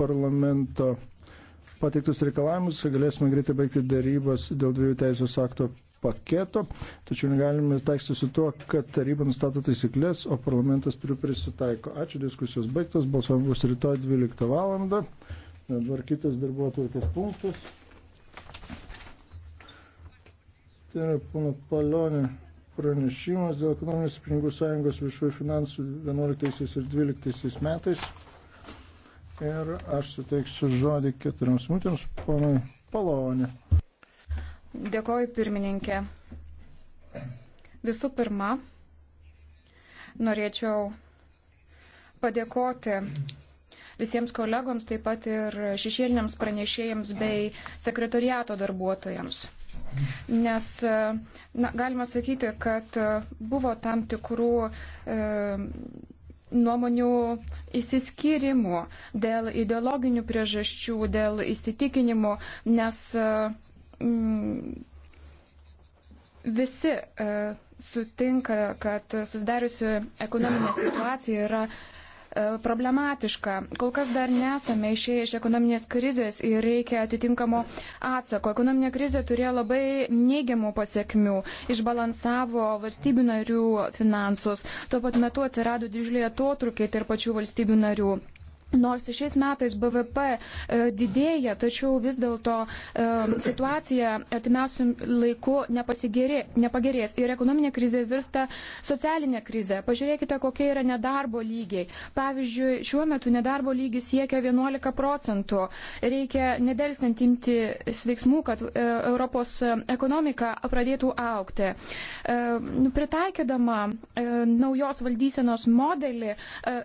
parlamento pateiktus reikalavimus, galėsime greitai baigti darybas dėl dviejų teisės akto paketo, tačiau negalime taikstyti su tuo, kad taryba nustato taisyklės, o parlamentas turi prisitaiko. Ačiū, diskusijos baigtos, balsavimas bus rytoj 12 val. Dabar kitas darbuotojų punktas. Tai yra pana Palionė pranešimas dėl ekonominės pinigų sąjungos viešųjų finansų 11 ir 12 metais. Ir aš suteiksiu žodį keturioms minutėms ponui Palonė. Dėkoju pirmininkė. Visų pirma, norėčiau padėkoti visiems kolegoms, taip pat ir šešėliniams pranešėjams bei sekretoriato darbuotojams. Nes na, galima sakyti, kad buvo tam tikrų e, nuomonių įsiskyrimų, dėl ideologinių priežasčių, dėl įsitikinimų, nes e, mm, visi e, sutinka, kad susidariusi ekonominė situacija yra E, problematiška. Kol kas dar nesame išėję iš ekonominės krizės ir reikia atitinkamo atsako. Ekonominė krizė turėjo labai neigiamų pasiekmių, išbalansavo valstybių narių finansus, tuo pat metu atsirado didžiuliai atotrukiai tarp pačių valstybių narių. Nors šiais metais BVP e, didėja, tačiau vis dėlto e, situacija artimiausių laikų nepagerės ir ekonominė krizė virsta socialinė krizė. Pažiūrėkite, kokie yra nedarbo lygiai. Pavyzdžiui, šiuo metu nedarbo lygis siekia 11 procentų. Reikia nedelsiant imti veiksmų, kad e, Europos ekonomika pradėtų aukti. Nu, pritaikydama naujos valdysenos modelį,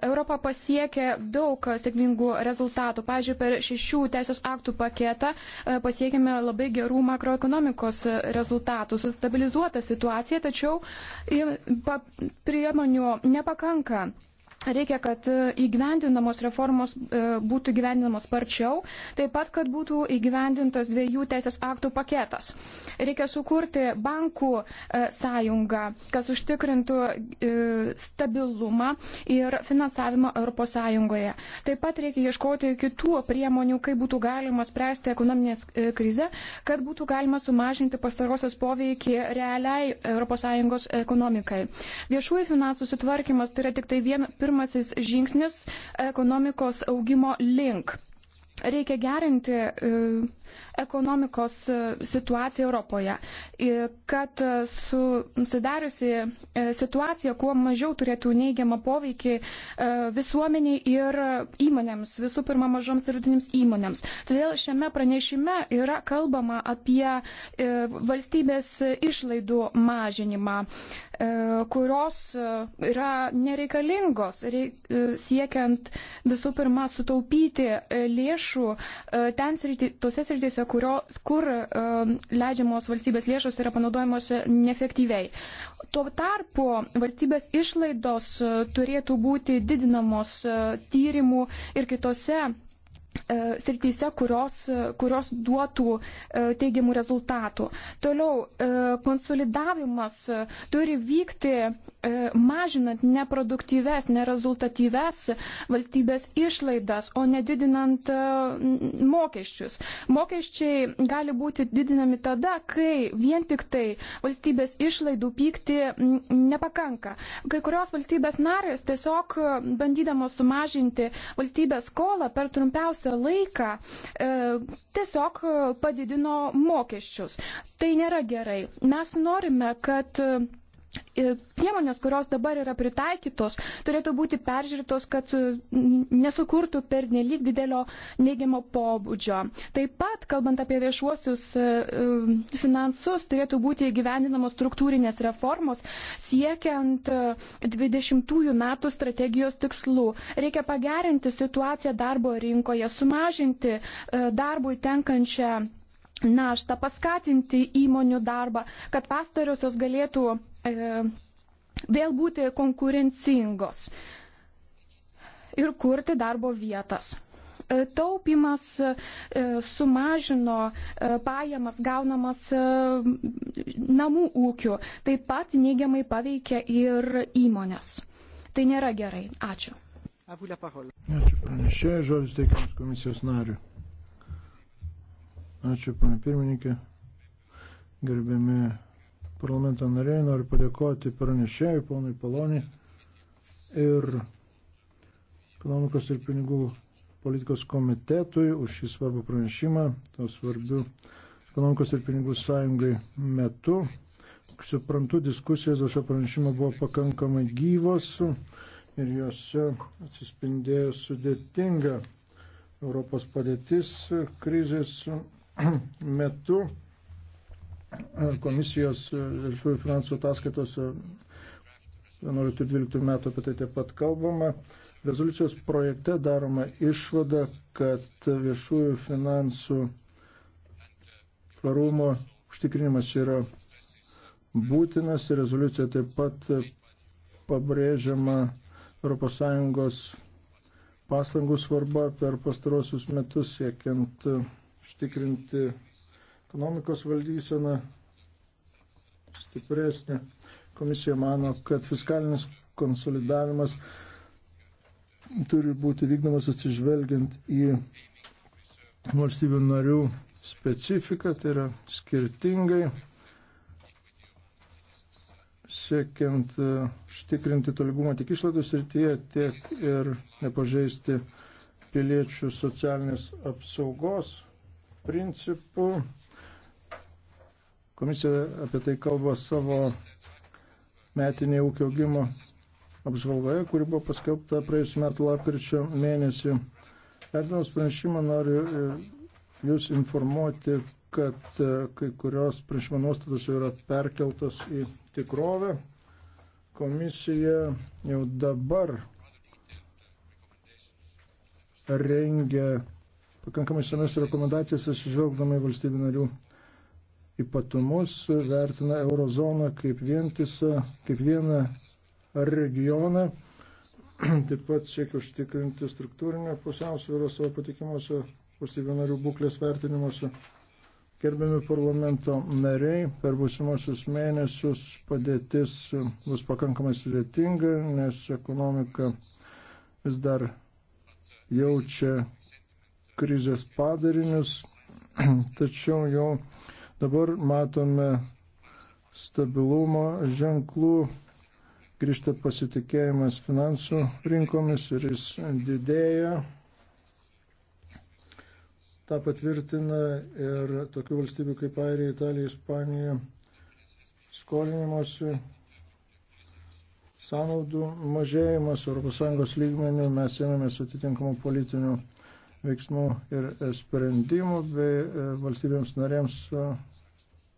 Europa pasiekė daug sėkmingų rezultatų. Pavyzdžiui, per šešių teisės aktų paketą e, pasiekėme labai gerų makroekonomikos e, rezultatų, sustabilizuota situacija, tačiau e, priemonių nepakanka. Reikia, kad e, įgyvendinamos reformos e, būtų įgyvendinamos sparčiau, taip pat, kad būtų įgyvendintas dviejų teisės aktų paketas. Reikia sukurti bankų e, sąjungą, kas užtikrintų stabilumą ir finansavimą ES. Taip pat reikia ieškoti kitų priemonių, kaip būtų galima spręsti ekonominės krizę, kad būtų galima sumažinti pastarosios poveikį realiai ES ekonomikai. Viešųjų finansų sutvarkymas tai yra tik tai vien pirmasis žingsnis ekonomikos augimo link. Reikia gerinti e, ekonomikos e, situaciją Europoje, kad e, susidariusi e, situacija kuo mažiau turėtų neigiamą poveikį visuomeniai ir įmonėms, visų pirma mažoms ir vidutinėms įmonėms. Todėl šiame pranešime yra kalbama apie valstybės išlaidų mažinimą kurios yra nereikalingos, reik, siekiant visų pirma sutaupyti lėšų ten srity, tose srityse, srityse, kurio, kur uh, leidžiamos valstybės lėšos yra panaudojamos neefektyviai. Tuo tarpu valstybės išlaidos uh, turėtų būti didinamos uh, tyrimų ir kitose E, srityse, kurios, kurios duotų e, teigiamų rezultatų. Toliau, e, konsolidavimas turi vykti mažinant neproduktyves, nerezultatyves valstybės išlaidas, o nedidinant mokesčius. Mokesčiai gali būti didinami tada, kai vien tik tai valstybės išlaidų pykti nepakanka. Kai kurios valstybės narės tiesiog bandydamos sumažinti valstybės skolą per trumpiausią laiką e, tiesiog e, padidino mokesčius. Tai nėra gerai. Mes norime, kad e, E, priemonės, kurios dabar yra pritaikytos, turėtų būti peržiūrėtos, kad nesukurtų per nelik didelio neigiamo pobūdžio. Taip pat, kalbant apie viešuosius e, e, finansus, turėtų būti įgyvendinamos struktūrinės reformos siekiant 20 metų strategijos tikslų. Reikia pagerinti situaciją darbo rinkoje, sumažinti darbui tenkančią naštą, paskatinti įmonių darbą, kad pastariosios galėtų E, vėl būti konkurencingos ir kurti darbo vietas. E, taupimas e, sumažino pajamas gaunamas namų ūkių, taip pat neigiamai paveikia ir įmonės. Tai nėra gerai. Ačiū. Ačiū pranešėjai, žodis teikiamas komisijos nariu. Ačiū, pana pirmininkė, gerbiami parlamento nariai, noriu padėkoti pranešėjui, ponui Palonį ir ekonomikos ir pinigų politikos komitetui už šį svarbų pranešimą, to svarbių ekonomikos ir pinigų sąjungai metu. Suprantu, diskusijos dėl šio pranešimo buvo pakankamai gyvos ir jose atsispindėjo sudėtinga Europos padėtis krizės metu komisijos e, viešųjų finansų ataskaitos 11-12 metų apie tai taip pat kalbama. Rezoliucijos projekte daroma išvada, kad viešųjų finansų tvarumo užtikrinimas yra būtinas. Rezoliucija taip pat pabrėžiama ES pastangų svarba per pastarosius metus siekiant užtikrinti ekonomikos valdysena stipresnė. Komisija mano, kad fiskalinis konsolidavimas turi būti vykdomas atsižvelgiant į valstybių narių specifiką, tai yra skirtingai siekiant štikrinti e, tolygumą tiek išlaidų srityje, tiek ir nepažeisti piliečių socialinės apsaugos principų. Komisija apie tai kalba savo metinėje ūkio augimo apžvalgoje, kuri buvo paskelbta praėjusiu metu lapkričio mėnesį. Vertinamas pranešimą noriu e, Jūs informuoti, kad e, kai kurios priešimo nuostatos jau yra perkeltos į tikrovę. Komisija jau dabar rengia pakankamai senas rekomendacijas, atsižvelgdama į valstybių narių ypatumus, vertina eurozoną kaip, vientisą, kaip vieną regioną, taip pat siekia užtikrinti struktūrinę pusiausvyrą savo patikimuose valstybių narių būklės vertinimuose. Gerbiami parlamento nariai, per būsimosius mėnesius padėtis bus pakankamai sudėtinga, nes ekonomika vis dar jaučia krizės padarinius, tačiau jau Dabar matome stabilumo ženklų, grįžta pasitikėjimas finansų rinkomis ir jis didėja. Ta patvirtina ir tokių valstybių kaip Airija, Italija, Ispanija skolinimuose sąnaudų mažėjimas ES lygmenių, mes ėmėmės atitinkamų politinių veiksmų ir sprendimų, bei e, valstybėms narėms e,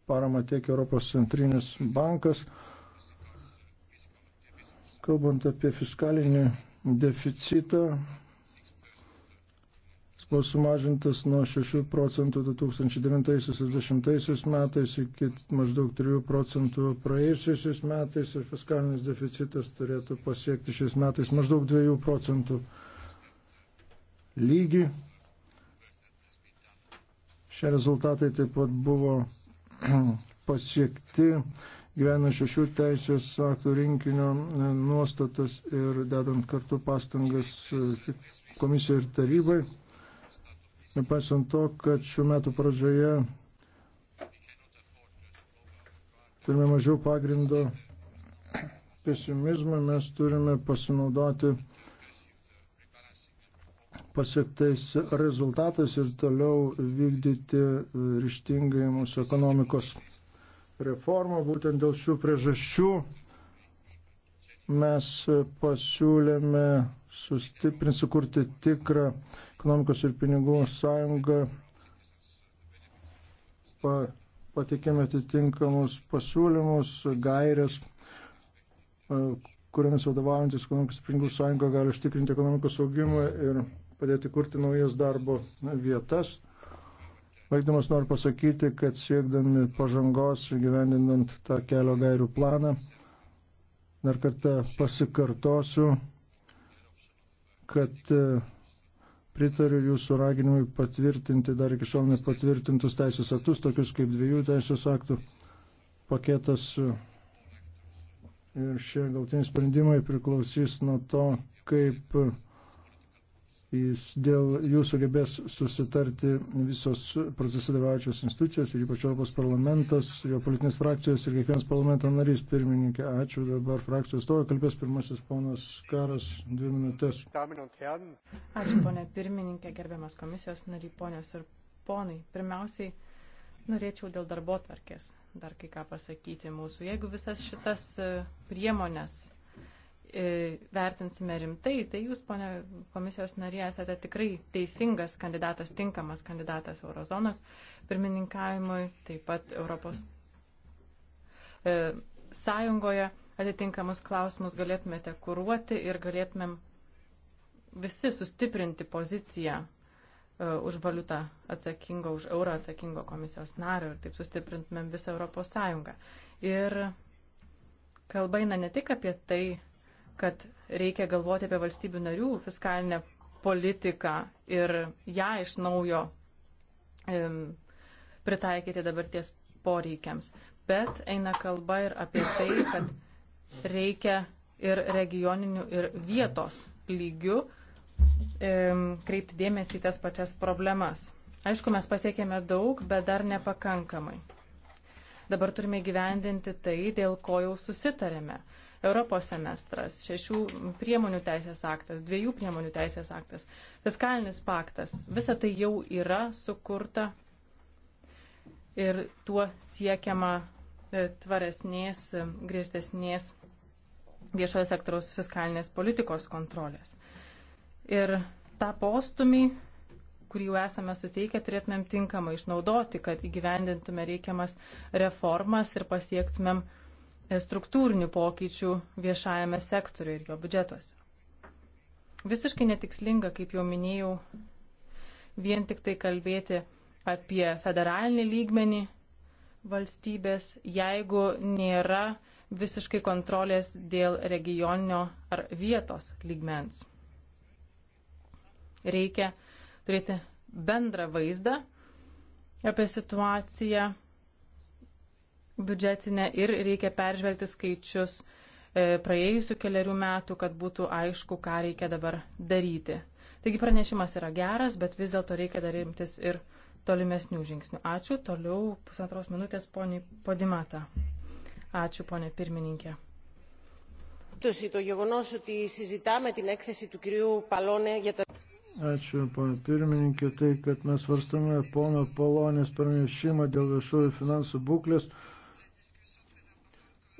paramą tiek Europos centrinis bankas. Kalbant apie fiskalinį deficitą, jis buvo sumažintas nuo 6 procentų 2009-2010 metais iki maždaug 3 procentų praėjusiais metais ir fiskalinis deficitas turėtų pasiekti šiais metais maždaug 2 procentų lygį. Šie rezultatai taip pat buvo pasiekti gyvena šešių teisės aktų rinkinio e, nuostatas ir dedant kartu pastangas e, komisijai ir tarybai. Nepaisant to, kad šiuo metu pradžioje turime mažiau pagrindo pesimizmą, mes turime pasinaudoti pasiektais rezultatais ir toliau vykdyti e, ryštingai mūsų ekonomikos reformą. Būtent dėl šių priežasčių mes pasiūlėme sustiprinti, sukurti tikrą ekonomikos ir pinigų sąjungą, pa, patikėme atitinkamus pasiūlymus, gairias, e, kuriamis vadovaujantis ekonomikos ir pinigų sąjunga gali užtikrinti ekonomikos augimą ir padėti kurti naujas darbo vietas. Baigdamas noriu pasakyti, kad siekdami pažangos ir gyvendinant tą kelio gairių planą, dar kartą pasikartosiu, kad e, pritariu jūsų raginimui patvirtinti dar iki šiol nepatvirtintus teisės aktus, tokius kaip dviejų teisės aktų paketas. Ir šie galtiniai sprendimai priklausys nuo to, kaip jis dėl jų sugebės susitarti visos procese dalyvaujančios institucijos ir ypač Europos parlamentas, jo politinės frakcijos ir kiekvienas parlamento narys pirmininkė. Ačiū dabar frakcijos to, kalbės pirmasis ponas Karas, dvi minutės. Ačiū ponė pirmininkė, gerbiamas komisijos nariai, ponios ir ponai. Pirmiausiai norėčiau dėl darbo tvarkės dar kai ką pasakyti mūsų. Jeigu visas šitas e, priemonės E, vertinsime rimtai, tai jūs, ponė komisijos narė, esate tikrai teisingas kandidatas, tinkamas kandidatas Eurozonos pirmininkavimui, taip pat Europos e, Sąjungoje atitinkamus klausimus galėtumėte kuruoti ir galėtumėm visi sustiprinti poziciją e, už valiutą atsakingo, už eurą atsakingo komisijos nario ir taip sustiprintumėm visą Europos Sąjungą. Ir kalba eina ne tik apie tai, kad reikia galvoti apie valstybių narių fiskalinę politiką ir ją iš naujo um, pritaikyti dabarties poreikiams. Bet eina kalba ir apie tai, kad reikia ir regioninių, ir vietos lygių um, kreipti dėmesį į tas pačias problemas. Aišku, mes pasiekėme daug, bet dar nepakankamai. Dabar turime gyvendinti tai, dėl ko jau susitarėme. Europos semestras, šešių priemonių teisės aktas, dviejų priemonių teisės aktas, fiskalinis paktas. Visa tai jau yra sukurta ir tuo siekiama e, tvaresnės, e, griežtesnės viešojo sektoriaus fiskalinės politikos kontrolės. Ir tą postumį kurį jau esame suteikę, turėtumėm tinkamai išnaudoti, kad įgyvendintume reikiamas reformas ir pasiektumėm uh, E, struktūrinių pokyčių viešajame sektoriuje ir jo biudžetuose. Visiškai netikslinga, kaip jau minėjau, vien tik tai kalbėti apie federalinį lygmenį valstybės, jeigu nėra visiškai kontrolės dėl regioninio ar vietos lygmens. Reikia turėti bendrą vaizdą apie situaciją biudžetinę ir reikia peržvelgti skaičius e, praėjusių keliarių metų, kad būtų aišku, ką reikia dabar daryti. Taigi pranešimas yra geras, bet vis dėlto reikia dar imtis ir tolimesnių žingsnių. Ačiū. Toliau pusantros minutės poniai Podimata. Ačiū, ponė pirmininkė. Ačiū, ponė pirmininkė, tai, kad mes varstame pono Palonės pranešimą dėl viešųjų finansų būklės.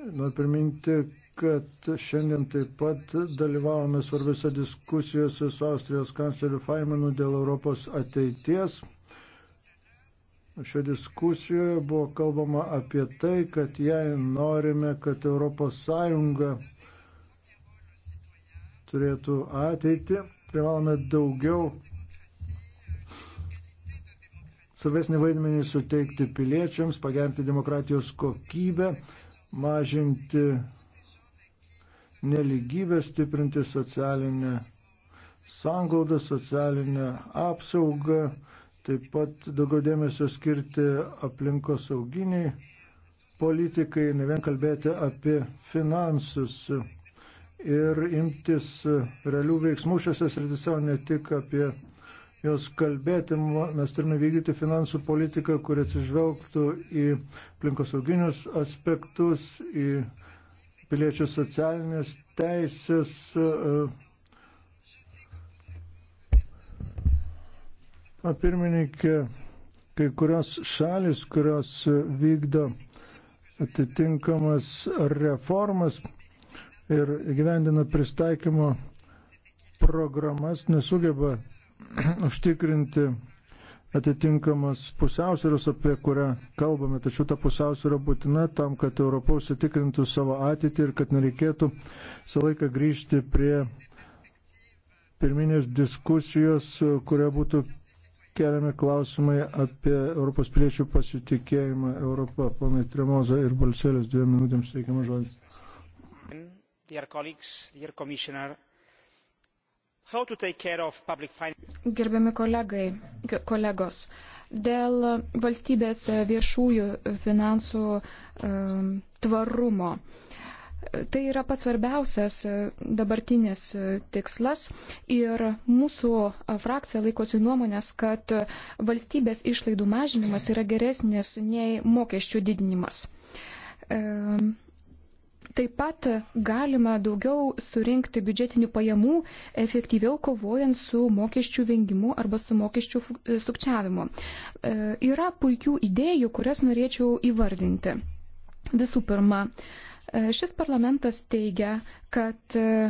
Noriu priminti, kad šiandien taip pat dalyvavome svarbiose diskusijose su Austrijos kancleriu Feimanu dėl Europos ateities. Šioje diskusijoje buvo kalbama apie tai, kad jei norime, kad ES turėtų ateitį, privalome daugiau svarbesnį vaidmenį suteikti piliečiams, pagerinti demokratijos kokybę mažinti neligybę, stiprinti socialinę sanglaudą, socialinę apsaugą, taip pat daugiau dėmesio skirti aplinkos sauginiai politikai, ne vien kalbėti apie finansus ir imtis realių veiksmų šiose srityse, o ne tik apie jos kalbėti, mes turime vykdyti finansų politiką, kuri atsižvelgtų į aplinkosauginius aspektus, į piliečių socialinės teisės. E. Pirmininkė, kai kurios šalis, kurios vykdo atitinkamas reformas ir gyvendina pristaikymo programas, nesugeba užtikrinti atitinkamas pusiausvėros, apie kurią kalbame, tačiau ta pusiausvėra būtina tam, kad Europa užsitikrintų savo ateitį ir kad nereikėtų visą laiką grįžti prie pirminės diskusijos, kurioje būtų keliami klausimai apie Europos piliečių pasitikėjimą Europą. Ponai Tremoza ir Balselės dviem minutėms reikiamas žodis. Dear colleagues, dear commissioner, Gerbiami kolegai, kolegos, dėl valstybės viešųjų finansų ehm, tvarumo. Tai yra pats svarbiausias e, dabartinis e, tikslas ir mūsų e, frakcija laikosi nuomonės, kad valstybės išlaidų mažinimas yra geresnis nei mokesčių didinimas. Ehm, Taip pat galima daugiau surinkti biudžetinių pajamų, efektyviau kovojant su mokesčių vengimu arba su mokesčių sukčiavimu. E, yra puikių idėjų, kurias norėčiau įvardinti. Visų pirma, e, Šis parlamentas teigia, kad e,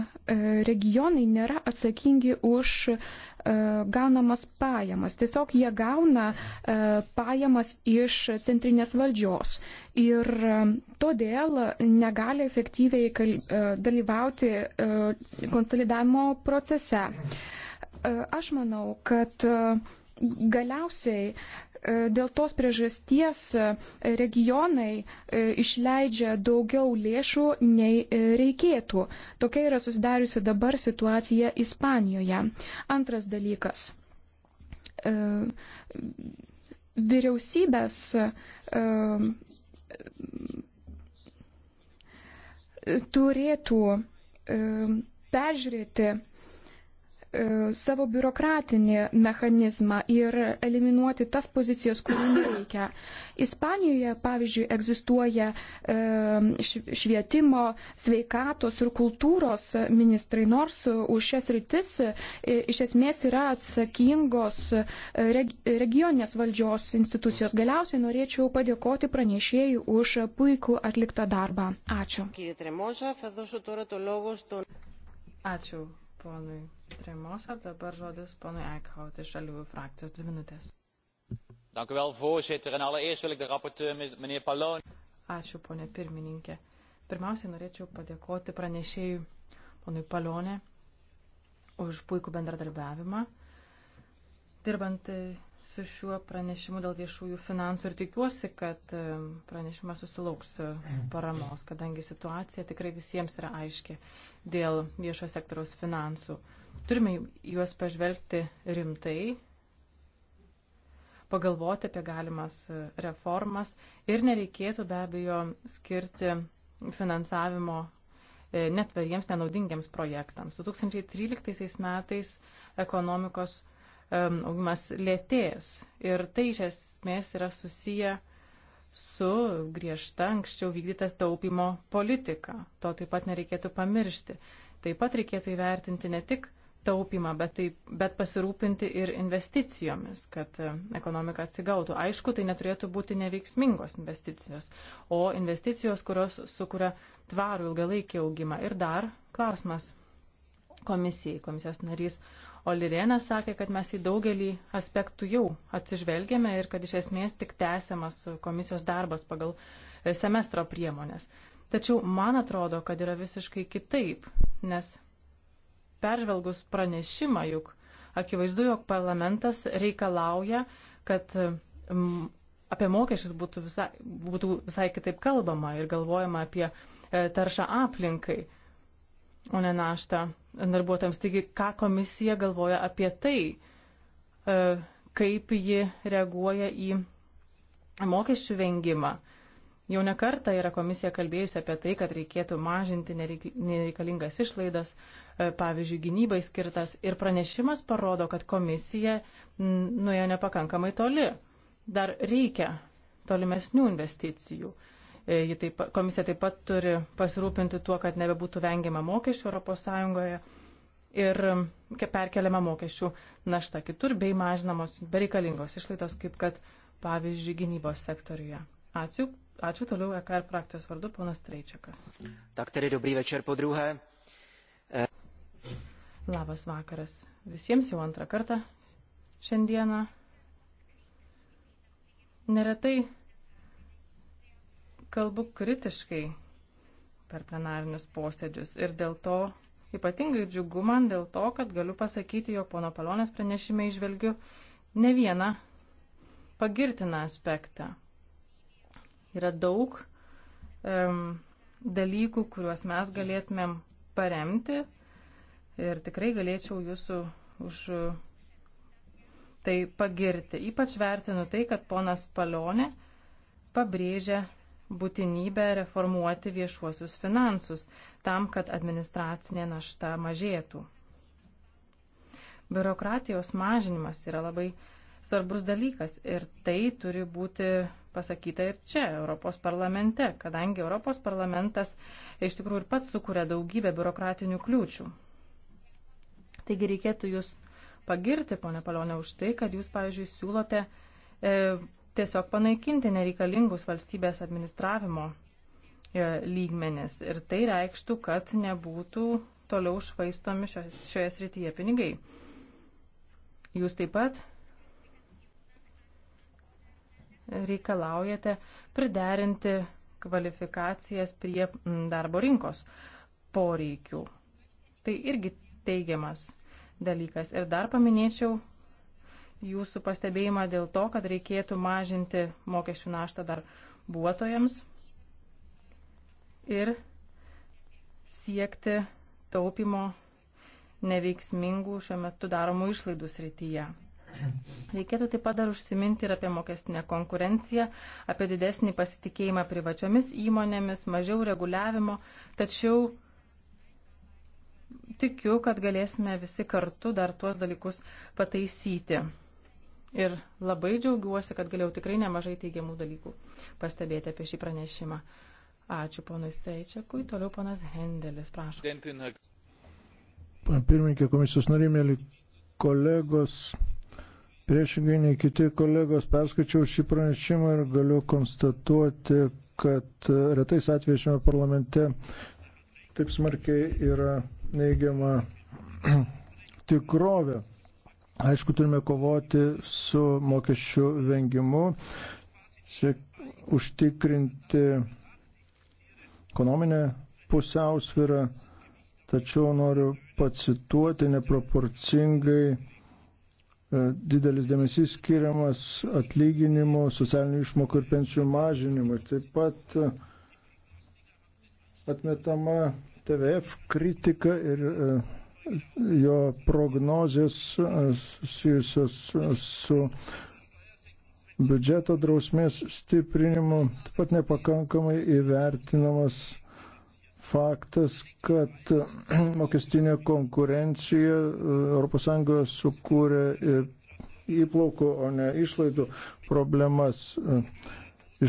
regionai nėra atsakingi už e, gaunamas pajamas. Tiesiog jie gauna e, pajamas iš centrinės valdžios ir todėl negali efektyviai dalyvauti konsolidavimo procese. Aš manau, kad galiausiai E, dėl tos priežasties e, regionai e, išleidžia daugiau lėšų nei reikėtų. Tokia yra susidariusi dabar situacija Ispanijoje. Antras dalykas. Vyriausybės turėtų peržiūrėti E, savo biurokratinį mechanizmą ir eliminuoti tas pozicijas, kurių nereikia. Ispanijoje, pavyzdžiui, egzistuoja e, švietimo, sveikatos ir kultūros ministrai, nors už šias rytis e, iš esmės yra atsakingos regioninės valdžios institucijos. Galiausiai norėčiau padėkoti pranešėjai už puikų atliktą darbą. Ačiū. Ačiū ponui Tremosa, dabar žodis ponui Eichhaut iš Aliųjų frakcijos. Dvi minutės. Ačiū, ponė pirmininkė. Pirmiausiai norėčiau padėkoti pranešėjui ponui Palonė už puikų bendradarbiavimą, dirbant e, su šiuo pranešimu dėl viešųjų finansų ir tikiuosi, kad e, pranešimas susilauks e, paramos, kadangi situacija tikrai visiems yra aiški dėl viešo sektoriaus finansų. Turime juos pažvelgti rimtai, pagalvoti apie galimas e, reformas ir nereikėtų be abejo skirti finansavimo e, netvariems nenaudingiams projektams. 2013 metais ekonomikos augimas lėtės ir tai iš esmės yra susiję su griežta anksčiau vykdytas taupimo politika. To taip pat nereikėtų pamiršti. Taip pat reikėtų įvertinti ne tik taupimą, bet, taip, bet pasirūpinti ir investicijomis, kad e, ekonomika atsigautų. Aišku, tai neturėtų būti neveiksmingos investicijos, o investicijos, kurios sukuria tvarų ilgalaikį augimą. Ir dar klausimas komisijai. Komisijos narys Olirienė sakė, kad mes į daugelį aspektų jau atsižvelgėme ir kad iš esmės tik tęsiamas komisijos darbas pagal e, semestro priemonės. Tačiau man atrodo, kad yra visiškai kitaip, nes peržvelgus pranešimą juk akivaizdu, jog parlamentas reikalauja, kad e, m, apie mokesčius būtų visai, būtų visai kitaip kalbama ir galvojama apie e, taršą aplinkai, o ne naštą darbuotojams. Taigi, ką komisija galvoja apie tai, e, kaip ji reaguoja į mokesčių vengimą. Jau nekarta yra komisija kalbėjusi apie tai, kad reikėtų mažinti nereikalingas išlaidas, e, pavyzdžiui, gynybai skirtas. Ir pranešimas parodo, kad komisija nuėjo nepakankamai toli. Dar reikia tolimesnių investicijų. E, taip, komisija taip pat turi pasirūpinti tuo, kad nebebūtų vengiama mokesčių ES ir e, perkeliama mokesčių našta kitur bei mažinamos bereikalingos išlaidos, kaip kad pavyzdžiui gynybos sektoriuje. Ačiū. Ačiū toliau EKR frakcijos vardu, ponas Treičiakas. Tak tedy dobrý večer po druhé. E... Labas vakaras visiems jau antrą kartą šiandieną. Neretai kalbu kritiškai per plenarinius posėdžius. Ir dėl to ypatingai džiugu man dėl to, kad galiu pasakyti, jog pono Palonės pranešime išvelgiu ne vieną pagirtiną aspektą. Yra daug um, dalykų, kuriuos mes galėtumėm paremti ir tikrai galėčiau jūsų už tai pagirti. Ypač vertinu tai, kad ponas Palonė pabrėžia būtinybę reformuoti viešuosius finansus tam, kad administracinė našta mažėtų. Biurokratijos mažinimas yra labai svarbus dalykas ir tai turi būti pasakyta ir čia, Europos parlamente, kadangi Europos parlamentas iš tikrųjų ir pats sukuria daugybę biurokratinių kliūčių. Taigi reikėtų jūs pagirti, ponė Palonė, už tai, kad jūs, pavyzdžiui, siūlote e, tiesiog panaikinti nereikalingus valstybės administravimo e, lygmenis. Ir tai reikštų, kad nebūtų toliau švaistomi šioje srityje pinigai. Jūs taip pat reikalaujate priderinti kvalifikacijas prie darbo rinkos poreikių. Tai irgi teigiamas dalykas. Ir dar paminėčiau jūsų pastebėjimą dėl to, kad reikėtų mažinti mokesčių naštą darbuotojams ir siekti taupimo neveiksmingų šiuo metu daromų išlaidų srityje. Reikėtų taip pat dar užsiminti ir apie mokestinę konkurenciją, apie didesnį pasitikėjimą privačiomis įmonėmis, mažiau reguliavimo, tačiau tikiu, kad galėsime visi kartu dar tuos dalykus pataisyti. Ir labai džiaugiuosi, kad galėjau tikrai nemažai teigiamų dalykų pastebėti apie šį pranešimą. Ačiū ponui Steičiakui, toliau ponas Hendelis, prašau. Pirmininkė komisijos narė, mėly kolegos, priešingai nei kiti kolegos, perskaičiau šį pranešimą ir galiu konstatuoti, kad retais atvejais šiame parlamente taip smarkiai yra neigiama tikrovė. Aišku, turime kovoti su mokesčių vengimu, siek užtikrinti ekonominę pusiausvyrą, tačiau noriu pacituoti neproporcingai e, didelis dėmesys skiriamas atlyginimų, socialinių išmokų ir pensijų mažinimui. Taip pat e, atmetama TVF kritika ir e, jo prognozės e, susijusios su biudžeto drausmės stiprinimu, taip pat nepakankamai įvertinamas faktas, kad mokestinė konkurencija e, ES sukūrė įplaukų, o ne išlaidų problemas e,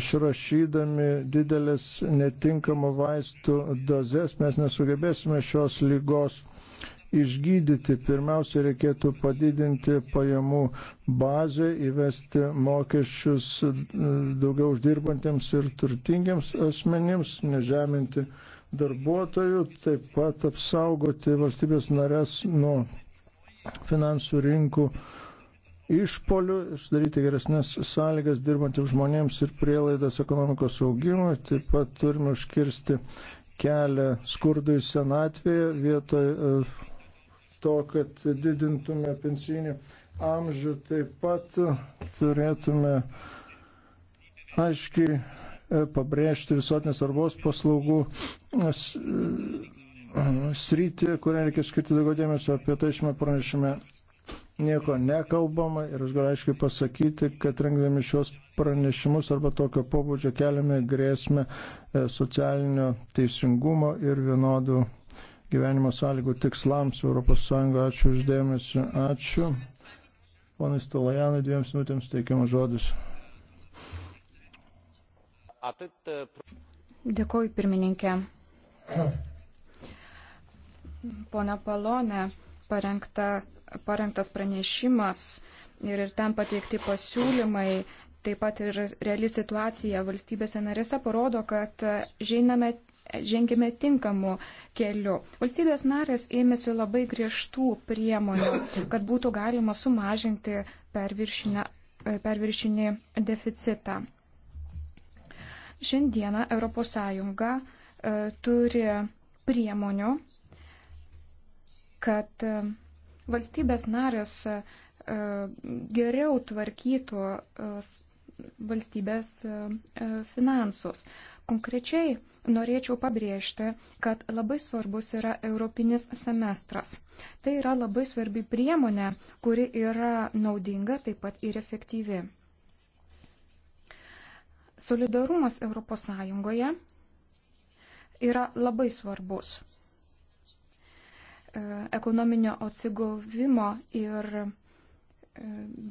išrašydami didelės netinkamo vaistų dozes mes nesugebėsime šios lygos išgydyti. Pirmiausia, reikėtų padidinti pajamų bazę, įvesti mokesčius daugiau uždirbantiems ir turtingiams asmenims, nežeminti darbuotojų, taip pat apsaugoti valstybės narės nuo finansų rinkų išpolių, sudaryti geresnės sąlygas dirbantiems žmonėms ir prielaidas ekonomikos augimui. Taip pat turime užkirsti kelią skurdui senatvėje vietoj e, to, kad didintume pensinį amžių, taip pat turėtume aiškiai e, pabrėžti visuotinės svarbos paslaugų e, e, sritį, kurią reikia skirti daugiau dėmesio, apie tai šiame pranešime nieko nekalbama ir aš galiu aiškiai pasakyti, kad rengdami šios pranešimus arba tokio pobūdžio keliame grėsmę socialinio teisingumo ir vienodų gyvenimo sąlygų tikslams ES. Ačiū uždėmesi. Ačiū. Ponas Talajanai, dviems minutėms teikiamas žodis. Dėkuoju, pirmininkė. Pone Palone, parengta, parengtas pranešimas ir, ir ten pateikti pasiūlymai, taip pat ir reali situacija valstybėse narėse parodo, kad žiname žengėme tinkamu keliu. Valstybės narės ėmėsi labai griežtų priemonių, kad būtų galima sumažinti e, perviršinį deficitą. Šiandieną ES e, turi priemonių, kad e, valstybės narės geriau tvarkytų valstybės e, e, finansus. Konkrečiai norėčiau pabrėžti, kad labai svarbus yra europinis semestras. Tai yra labai svarbi priemonė, kuri yra naudinga taip pat ir efektyvi. Solidarumas ES yra labai svarbus e, ekonominio atsigavimo ir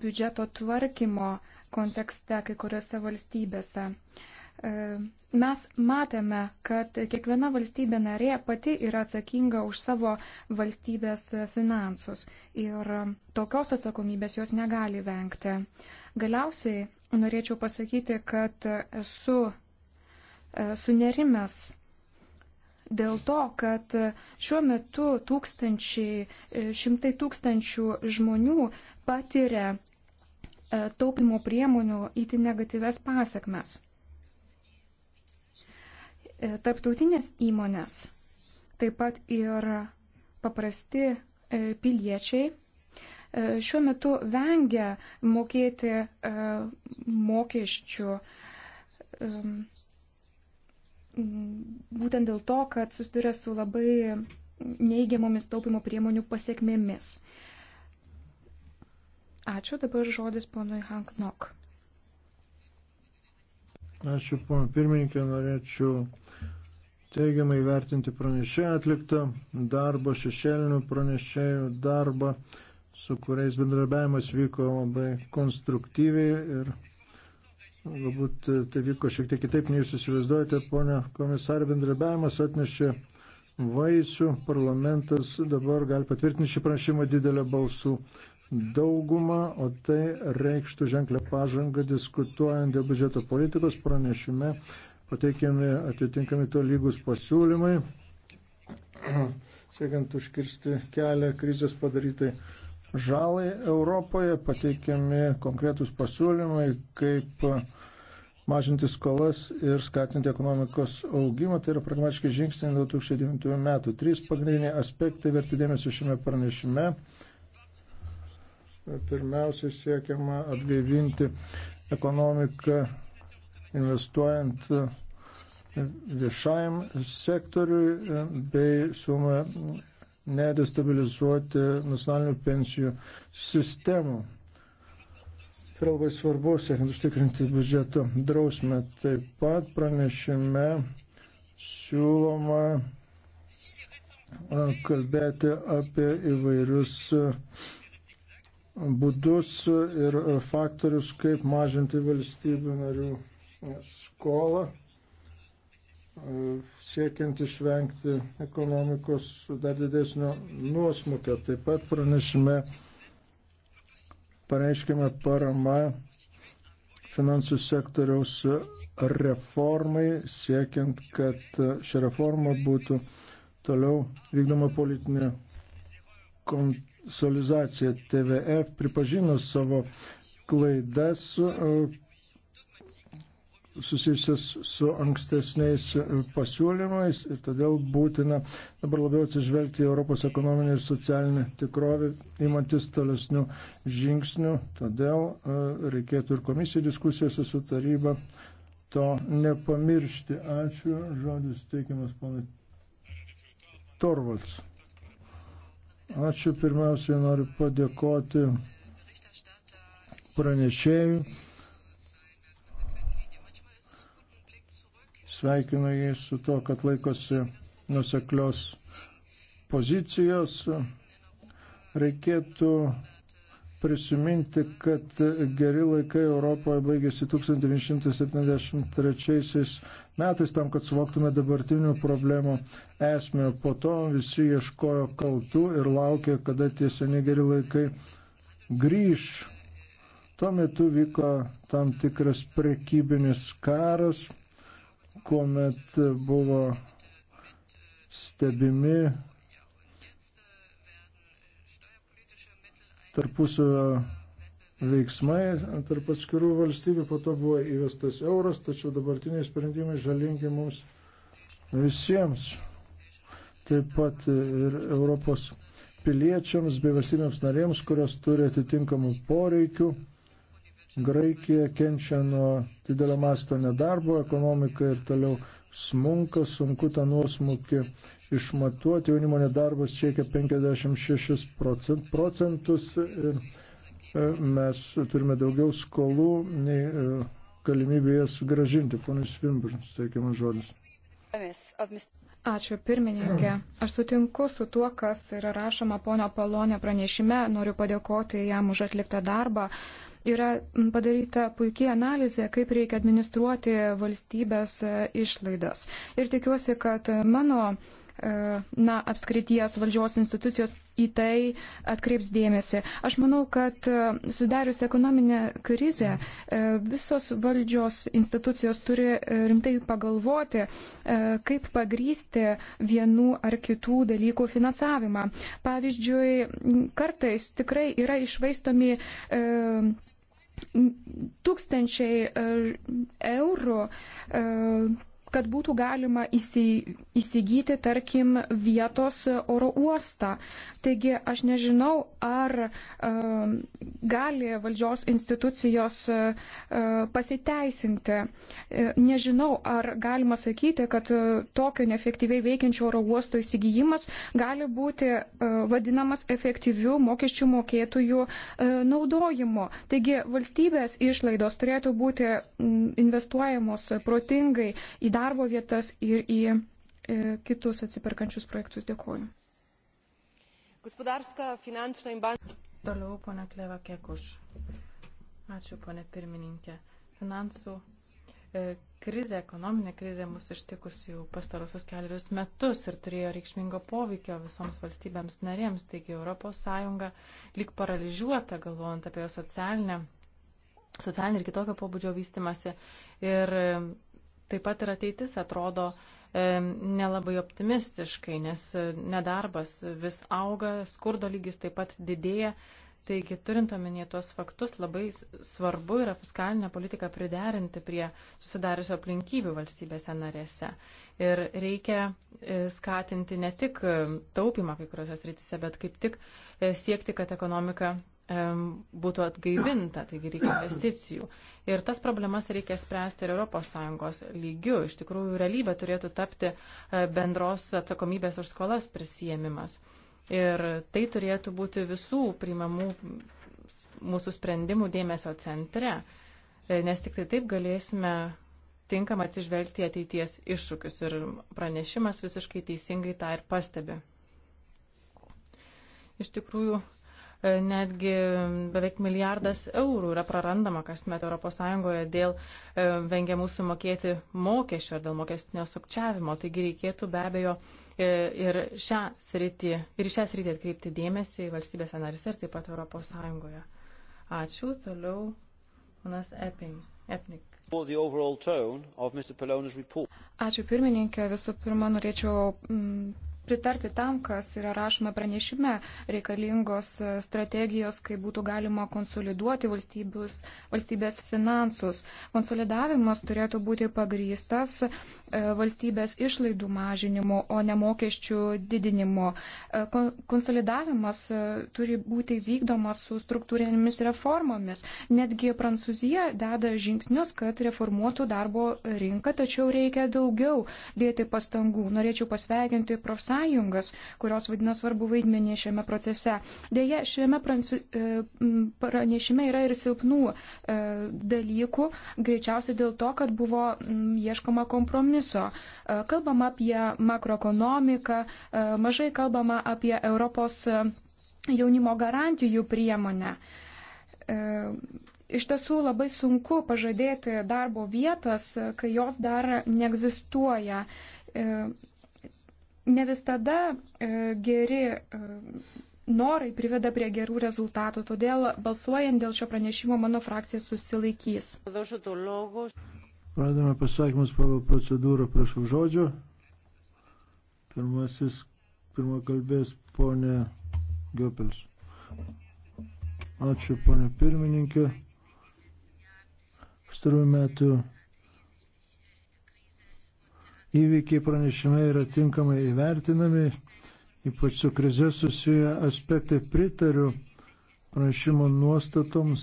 biudžeto tvarkymo kontekste kai kuriuose valstybėse. E, mes matėme, kad kiekviena valstybė narė pati yra atsakinga už savo valstybės finansus ir tokios atsakomybės jos negali vengti. Galiausiai norėčiau pasakyti, kad esu e, sunerimęs dėl to, kad šiuo metu tūkstančiai, e, šimtai tūkstančių žmonių patiria e, taupimo priemonių įti negatyves pasiekmes. E, tarptautinės įmonės, taip pat ir paprasti piliečiai šiuo metu vengia mokėti mokesčių būtent dėl to, kad susiduria su labai neįgiamomis taupimo priemonių pasiekmėmis. Ačiū, dabar žodis ponui Hanknok. Ačiū, pono pirmininkė, norėčiau teigiamai vertinti pranešėją atliktą darbą, šešėlinių pranešėjų darbą, su kuriais bendrabiavimas vyko labai konstruktyviai ir Galbūt e, tai vyko šiek tiek kitaip, nei jūs įsivaizduojate, ponio komisarė, bendrabiavimas atnešė vaisių, parlamentas dabar gali patvirtinti šį prašymą didelę balsų daugumą, o tai reikštų ženklę pažangą diskutuojant dėl biudžeto politikos pranešime, pateikiami atitinkami to lygus pasiūlymai, siekiant užkirsti kelią krizės padarytai žalai Europoje, pateikiami konkretūs pasiūlymai, kaip mažinti skolas ir skatinti ekonomikos augimą. Tai yra pragmatiškai žingsniai 2009 metų. Trys pagrindiniai aspektai verti dėmesio šiame pranešime. Pirmiausiai siekiama atgaivinti ekonomiką investuojant viešajam sektoriui bei siūloma nedestabilizuoti nacionalinių pensijų sistemų. Tai yra labai svarbu, siekiant užtikrinti biudžeto drausmę. Taip pat pranešime siūloma e, kalbėti apie įvairius e, būdus ir e, faktorius, kaip mažinti valstybių narių skolą. E, siekiant išvengti ekonomikos dar didesnio nuosmukio. Taip pat pranešime pareiškime parama finansų sektoriaus reformai, siekiant, kad ši reforma būtų toliau vykdoma politinė konsolizacija. TVF pripažino savo klaidas, susijusias su ankstesniais e, pasiūlymais ir todėl būtina dabar labiau atsižvelgti į Europos ekonominį ir socialinį tikrovį, imantis tolesnių žingsnių. Todėl e, reikėtų ir komisijai diskusijose su taryba to nepamiršti. Ačiū. Žodis teikiamas ponai Torvalds. Ačiū. Pirmiausiai noriu padėkoti pranešėjui sveikinu jį su to, kad laikosi nuseklios pozicijos. Reikėtų prisiminti, kad geri laikai Europoje baigėsi 1973 metais tam, kad suvoktume dabartinių problemų esmę. Po to visi ieškojo kaltų ir laukė, kada tie seni geri laikai grįž. Tuo metu vyko tam tikras prekybinis karas kuomet buvo stebimi tarpusavio veiksmai tarp atskirų valstybių, po to buvo įvestas euras, tačiau dabartiniai sprendimai žalingi mums visiems, taip pat ir Europos piliečiams bei valstybėms narėms, kurios turi atitinkamų poreikių. Graikija kenčia nuo didelio masto nedarbo, ekonomika ir toliau smunka, sunku tą nuosmukį išmatuoti, jaunimo nedarbas siekia 56 procentus ir e, mes turime daugiau skolų nei e, galimybė jas gražinti. Ponas Vimbrins, teikiamas žodis. Ačiū pirmininkė. Aš sutinku su tuo, kas yra rašoma ponio Palonė pranešime. Noriu padėkoti jam už atliktą darbą. Yra padaryta puikiai analizė, kaip reikia administruoti valstybės e, išlaidas. Ir tikiuosi, kad mano e, na, apskrities valdžios institucijos į tai atkreips dėmesį. Aš manau, kad e, sudarius ekonominę krizę visos valdžios institucijos turi rimtai pagalvoti, kaip pagrysti vienų ar kitų dalykų finansavimą. Pavyzdžiui, kartais tikrai yra išvaistomi Tūkstančiai e, eurų e, kad būtų galima įsigyti, tarkim, vietos oro uostą. Taigi aš nežinau, ar e, gali valdžios institucijos e, pasiteisinti. E, nežinau, ar galima sakyti, kad e, tokio neefektyviai veikiančio oro uosto įsigijimas gali būti e, vadinamas efektyviu mokesčių mokėtojų e, naudojimu. Taigi valstybės išlaidos turėtų būti m, mm, investuojamos protingai į darbą darbo vietas ir į e, kitus atsiperkančius projektus. Dėkuoju. Toliau, ponia Kleva Kekuš. Ačiū, ponia pirmininkė. Finansų e, krizė, ekonominė krizė mus ištikusi jau pastarosius keliarius metus ir turėjo reikšmingo poveikio visoms valstybėms narėms. Taigi ES lyg paralyžiuota, galvojant apie socialinę, socialinį ir kitokio pobūdžio vystimasi. Ir Taip pat ir ateitis atrodo e, nelabai optimistiškai, nes e, nedarbas vis auga, skurdo lygis taip pat didėja. Taigi, turint omenyje tuos faktus, labai svarbu yra fiskalinę politiką priderinti prie susidariusio aplinkybių valstybėse narėse. Ir reikia e, skatinti ne tik taupimą kai kuriuose srityse, bet kaip tik siekti, kad ekonomika būtų atgaivinta, taigi reikia investicijų. Ir tas problemas reikia spręsti ir ES lygių. Iš tikrųjų, realybė turėtų tapti e, bendros atsakomybės už skolas prisėmimas. Ir tai turėtų būti visų priimamų mūsų sprendimų dėmesio centre, e, nes tik tai taip galėsime tinkamą atsižvelgti ateities iššūkius. Ir pranešimas visiškai teisingai tą ir pastebi. Iš tikrųjų, netgi beveik milijardas eurų yra prarandama kasmet ES dėl e, vengiamų sumokėti mokesčio ir dėl mokestinio sukčiavimo. Taigi reikėtų be abejo e, ir šią sritį, ir šią sritį atkreipti dėmesį valstybės narise ir taip pat ES. Ačiū. Toliau ponas Epping. Epnik. Ačiū pirmininkė. Visų pirma, norėčiau. Mm, pritarti tam, kas yra rašoma pranešime, reikalingos strategijos, kaip būtų galima konsoliduoti valstybės finansus. Konsolidavimas turėtų būti pagrystas e, valstybės išlaidų mažinimu, o ne mokesčių didinimu. E, konsolidavimas e, turi būti vykdomas su struktūrinėmis reformomis. Netgi Prancūzija deda žingsnius, kad reformuotų darbo rinką, tačiau reikia daugiau dėti pastangų. Norėčiau pasveikinti profsąjungą sąjungas, kurios vadina svarbu vaidmenį šiame procese. Deja, šiame e, pranešime yra ir silpnų e, dalykų, greičiausiai dėl to, kad buvo ieškoma kompromiso. E, kalbama apie makroekonomiką, mažai kalbama apie Europos jaunimo garantijų priemonę iš tiesų labai sunku pažadėti darbo vietas, kai jos dar neegzistuoja ne visada e, geri e, norai priveda prie gerų rezultatų, todėl balsuojant dėl šio pranešimo mano frakcija susilaikys. Pradame pasakymus pagal procedūrą, prašau žodžio. Pirmasis, pirmą kalbės ponė Gopels. Ačiū ponė pirmininkė. Pastarųjų metų įvykiai pranešime yra tinkamai įvertinami, ypač su krize susiję aspektai pritariu pranešimo nuostatoms,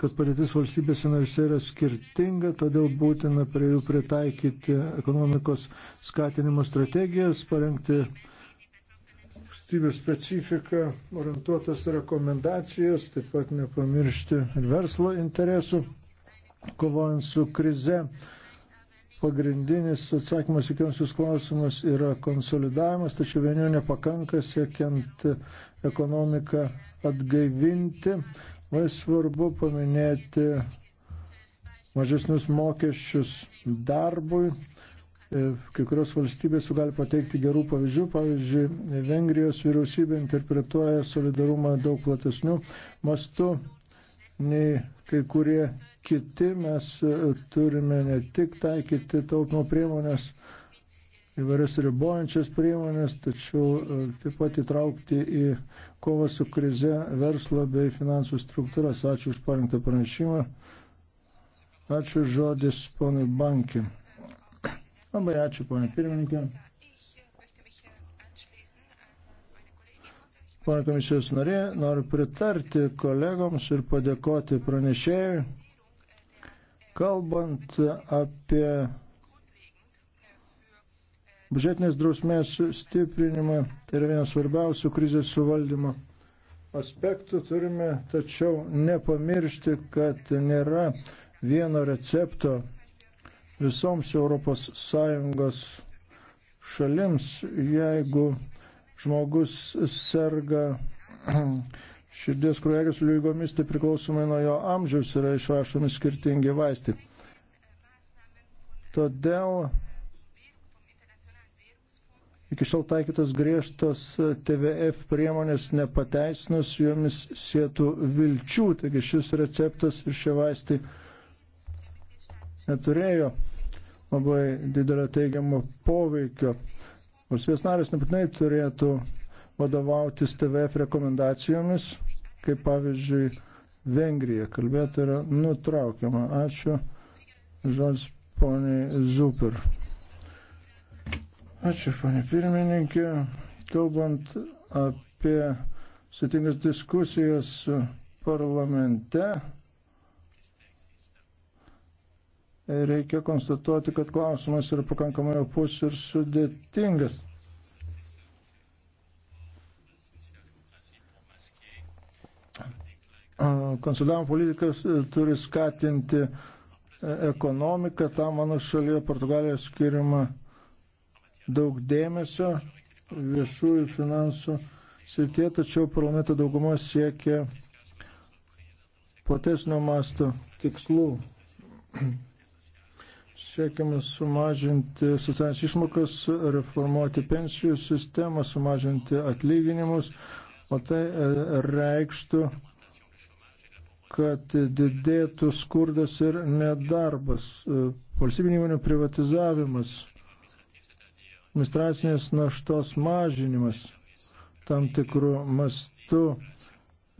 kad padėtis valstybėse narse yra skirtinga, todėl būtina prie jų pritaikyti ekonomikos skatinimo strategijas, parengti valstybių specifiką, orientuotas rekomendacijas, taip pat nepamiršti verslo interesų, kovojant su krize Pagrindinis atsakymas į kiekvienus klausimus yra konsolidavimas, tačiau vienio nepakanka siekiant ekonomiką atgaivinti. Labai svarbu paminėti mažesnius mokesčius darbui. Kai kurios valstybės jau gali pateikti gerų pavyzdžių. Pavyzdžiui, Vengrijos vyriausybė interpretuoja solidarumą daug platesnių mastų nei kai kurie kiti mes e, turime ne tik taikyti taupimo priemonės, įvairias ribojančias priemonės, tačiau e, taip pat įtraukti į kovą su krize verslą bei finansų struktūras. Ačiū už parinktą pranešimą. Ačiū žodis ponui Bankim. Labai ačiū, ponė pirmininkė. Pone komisijos narė, noriu pritarti kolegoms ir padėkoti pranešėjui. Kalbant apie biudžetinės drausmės stiprinimą, tai yra vienas svarbiausių krizės suvaldymo aspektų, turime tačiau nepamiršti, kad nėra vieno recepto visoms ES šalims, jeigu žmogus serga širdies kraujagyslių lygomis, tai priklausomai nuo jo amžiaus yra išrašomi skirtingi vaistai. Todėl iki šiol taikytos griežtos TVF priemonės nepateisinus, jomis sėtų vilčių, taigi šis receptas ir šie vaistai neturėjo labai didelio teigiamo poveikio. Valstybės narės nebūtinai turėtų vadovautis TVF rekomendacijomis, kaip pavyzdžiui Vengrija. Kalbėti yra nutraukiama. Ačiū. Žodis poniai Zuper. Ačiū, ponė pirmininkė. Kalbant apie sutingas diskusijas parlamente, reikia konstatuoti, kad klausimas yra pakankamai opus ir sudėtingas. konsolidavimo politikas e, turi skatinti e, ekonomiką, tam mano šalyje Portugalijoje skiriama daug dėmesio viešųjų finansų srityje, tačiau parlamento dauguma siekia platesnio masto tikslų. Siekiame sumažinti socialinės išmokas, reformuoti pensijų sistemą, sumažinti atlyginimus, o tai e, reikštų kad didėtų skurdas ir nedarbas, e, valstybinių įmonių privatizavimas, administracinės naštos mažinimas tam tikrų mastų,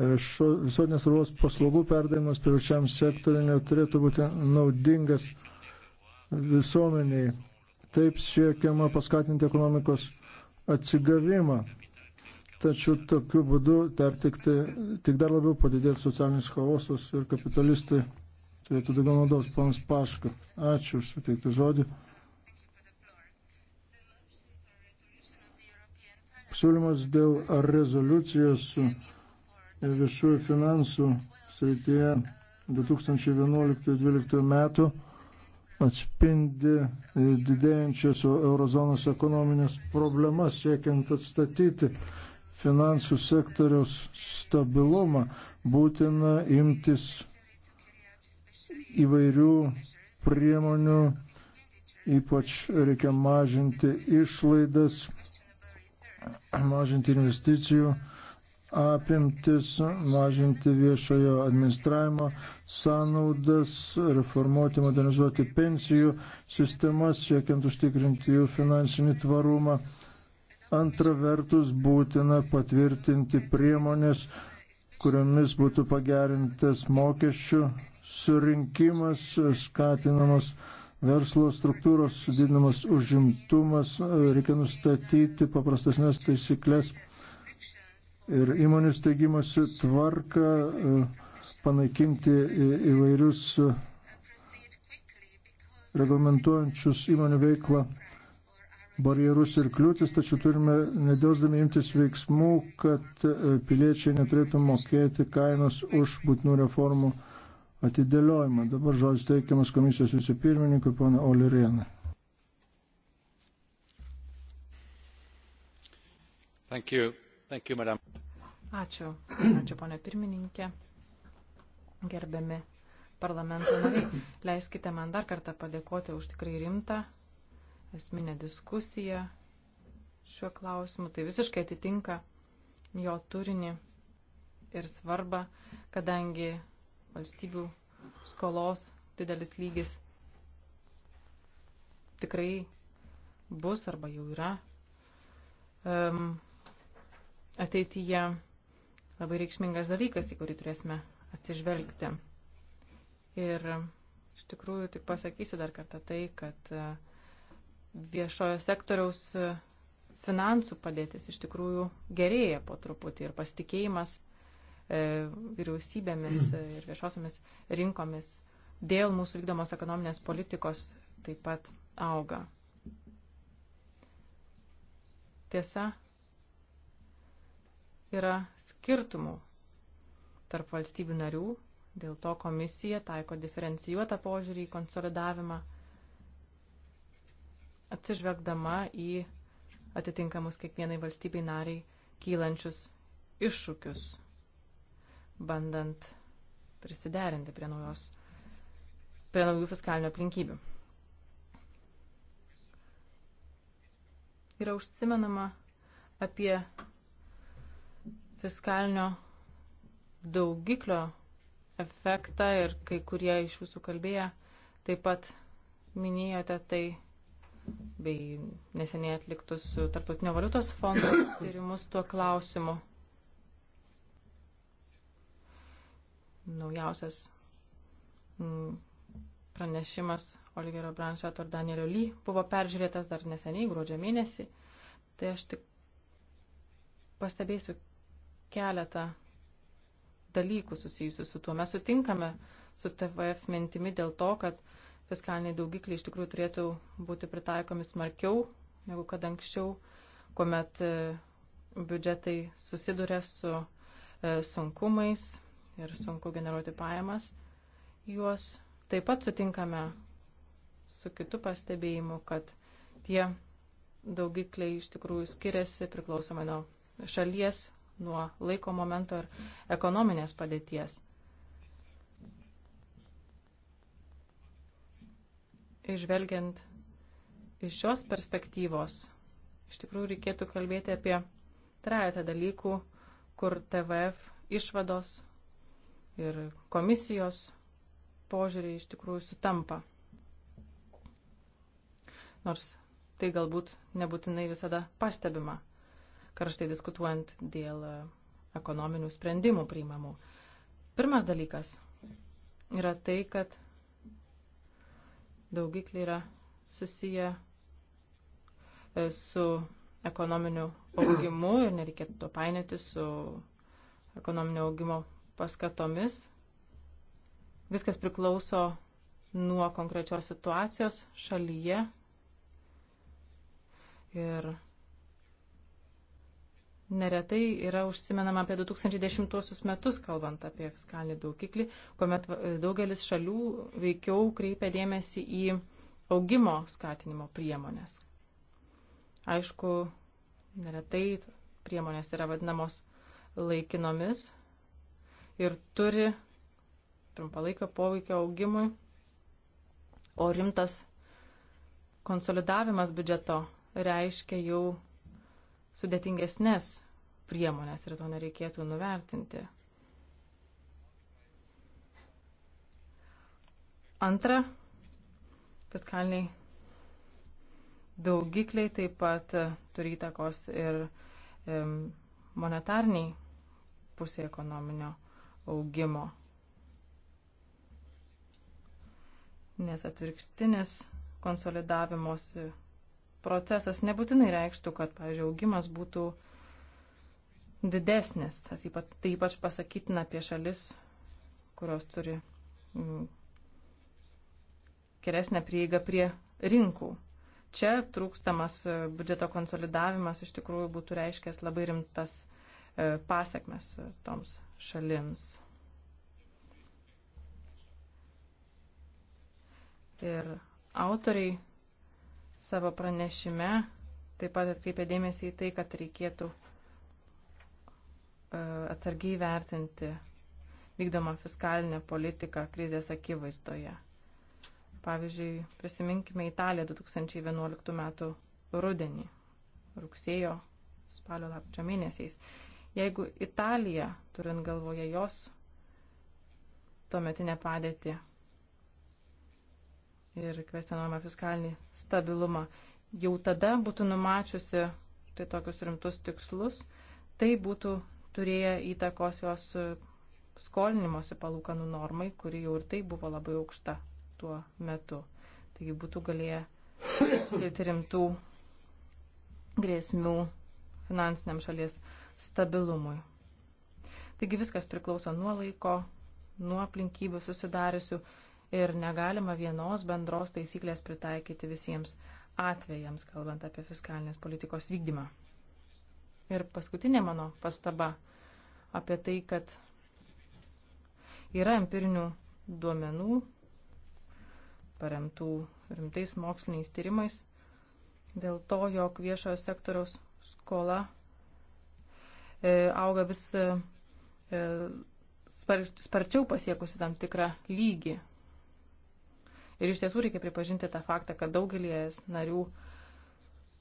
e, visuotinės svarbos paslaugų perdavimas privačiam sektoriui neturėtų būti naudingas visuomeniai. Taip siekiama paskatinti ekonomikos atsigavimą. Tačiau tokiu būdu dar tik, tai, tik dar labiau padidėtų socialinis chaosas ir kapitalistai turėtų daugiau naudos. Ponas Paška, ačiū už suteiktą žodį. Siūlymas dėl rezoliucijos viešųjų finansų srityje 2011-2012 metų atspindi didėjančias eurozonos ekonominės problemas siekiant atstatyti finansų sektoriaus stabilumą, būtina imtis įvairių priemonių, ypač reikia mažinti išlaidas, mažinti investicijų apimtis, mažinti viešojo administravimo sąnaudas, reformuoti, modernizuoti pensijų sistemas, siekiant užtikrinti jų finansinį tvarumą Antra vertus būtina patvirtinti priemonės, kuriomis būtų pagerintas mokesčių surinkimas, skatinamas verslo struktūros, didinamas užimtumas, reikia nustatyti paprastesnės taisyklės ir įmonių steigimosi tvarką, panaikinti įvairius reglamentuojančius įmonių veiklą barjerus ir kliūtis, tačiau turime nedėlsdami imtis veiksmų, kad e, piliečiai neturėtų mokėti kainos už būtinų reformų atidėliojimą. Dabar žodis teikiamas komisijos vicepirmininkui, pana Olirienai. Thank you. Thank you, madam. Ačiū. Ačiū, ponė pirmininkė. Gerbiami parlamento nariai, leiskite man dar kartą padėkoti už tikrai rimtą esminę diskusiją šiuo klausimu. Tai visiškai atitinka jo turinį ir svarbą, kadangi valstybių skolos didelis lygis tikrai bus arba jau yra um, ateityje labai reikšmingas dalykas, į kurį turėsime atsižvelgti. Ir iš tikrųjų tik pasakysiu dar kartą tai, kad uh, viešojo sektoriaus e, finansų padėtis iš tikrųjų gerėja po truputį ir pasitikėjimas e, vyriausybėmis mm. e, ir viešosiomis rinkomis dėl mūsų vykdomos ekonominės politikos taip pat auga. Tiesa, yra skirtumų tarp valstybių narių, dėl to komisija taiko diferencijuotą požiūrį į konsolidavimą atsižvelgdama į atitinkamus kiekvienai valstybei nariai kylančius iššūkius, bandant prisiderinti prie, naujos, prie naujų fiskalinių aplinkybių. Yra užsimenama apie fiskalinio daugiklio efektą ir kai kurie iš jūsų kalbėję taip pat minėjote tai bei neseniai atliktus Tartutinio valiutos fondo tyrimus tuo klausimu. Naujausias mm, pranešimas Oligero Branšato ir Danielio Ly buvo peržiūrėtas dar neseniai, gruodžio mėnesį. Tai aš tik pastebėsiu keletą dalykų susijusių su tuo. Mes sutinkame su TVF mintimi dėl to, kad fiskaliniai daugikliai iš tikrųjų turėtų būti pritaikomi smarkiau negu kad anksčiau, kuomet e, biudžetai susiduria su e, sunkumais ir sunku generuoti pajamas. Juos taip pat sutinkame su kitu pastebėjimu, kad tie daugikliai iš tikrųjų skiriasi priklausomai nuo šalies, nuo laiko momento ir ekonominės padėties. Išvelgiant iš šios perspektyvos, iš tikrųjų reikėtų kalbėti apie trejatą dalykų, kur TVF išvados ir komisijos požiūriai iš tikrųjų sutampa. Nors tai galbūt nebūtinai visada pastebima, karštai diskutuojant dėl e, ekonominių sprendimų priimamų. Pirmas dalykas yra tai, kad daugikliai yra susiję e, su ekonominiu augimu ir nereikėtų to painėti su ekonominio augimo paskatomis. Viskas priklauso nuo konkrečios situacijos šalyje ir neretai yra užsimenama apie 2010 metus, kalbant apie skalį daugiklį, kuomet daugelis šalių veikiau kreipia dėmesį į augimo skatinimo priemonės. Aišku, neretai priemonės yra vadinamos laikinomis ir turi trumpalaikio poveikio augimui, o rimtas konsolidavimas biudžeto reiškia jau sudėtingesnės priemonės ir to nereikėtų nuvertinti. Antra, fiskaliniai daugikliai taip pat turi įtakos ir monetarniai pusė ekonominio augimo. Nes atvirkštinis konsolidavimuose procesas nebūtinai reikštų, kad, pavyzdžiui, augimas būtų didesnis. Tas ypač, tai ypač pasakytina apie šalis, kurios turi mm, geresnę prieigą prie rinkų. Čia trūkstamas e, biudžeto konsolidavimas iš tikrųjų būtų reiškęs labai rimtas e, pasiekmes e, toms šalims. Ir autoriai savo pranešime taip pat atkreipė dėmesį į tai, kad reikėtų e, atsargiai vertinti vykdomą fiskalinę politiką krizės akivaizdoje. Pavyzdžiui, prisiminkime Italiją 2011 metų rudenį, rugsėjo, spalio, lapčio mėnesiais. Jeigu Italija, turint galvoje jos tuometinę padėtį, ir kvestionuojame fiskalinį stabilumą, jau tada būtų numačiusi tai tokius rimtus tikslus, tai būtų turėję įtakos jos skolinimosi palūkanų normai, kuri jau ir tai buvo labai aukšta tuo metu. Taigi būtų galėję kilti rimtų grėsmių finansiniam šalies stabilumui. Taigi viskas priklauso nuo laiko, nuo aplinkybių susidariusių ir negalima vienos bendros taisyklės pritaikyti visiems atvejams, kalbant apie fiskalinės politikos vykdymą. Ir paskutinė mano pastaba apie tai, kad yra empirinių duomenų, paremtų rimtais moksliniais tyrimais, dėl to, jog viešojo sektoriaus skola e, auga vis e, e spar, sparčiau pasiekusi tam tikrą lygį. Ir iš tiesų reikia pripažinti tą faktą, kad daugelį narių